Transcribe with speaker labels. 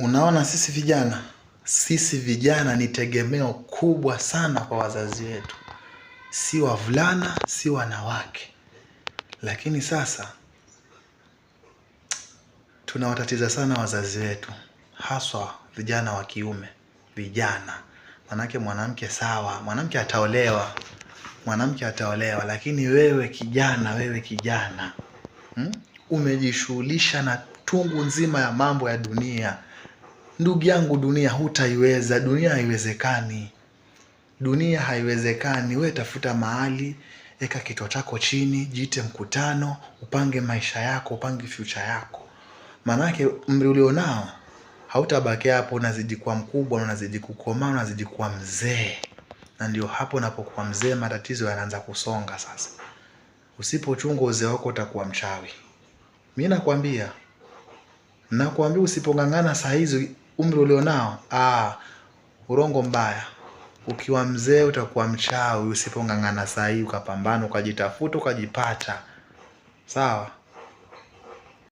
Speaker 1: Unaona, sisi vijana, sisi vijana ni tegemeo kubwa sana kwa wazazi wetu, si wavulana, si wanawake. Lakini sasa tunawatatiza sana wazazi wetu, haswa vijana wa kiume. Vijana manake, mwanamke sawa, mwanamke ataolewa, mwanamke ataolewa, lakini wewe kijana, wewe kijana hmm? Umejishughulisha na tungu nzima ya mambo ya dunia. Ndugu yangu, dunia hutaiweza, dunia haiwezekani, dunia haiwezekani. We tafuta mahali, eka kichwa chako chini, jiite mkutano, upange maisha yako, upange fyucha yako, maanake mri ulionao hautabaki hapo. Unazidi kuwa mkubwa, unazidi kukomaa, unazidi kuwa mzee, na ndio hapo unapokuwa mzee matatizo yanaanza kusonga. Sasa usipochunga uzee wako utakuwa mchawi. Mi nakwambia, nakwambia usipong'ang'ana saa hizi umri ulionao, ah, urongo mbaya. Ukiwa mzee utakuwa mchawi usipong'ang'ana sahii ukapambana ukajitafuta ukajipata, sawa.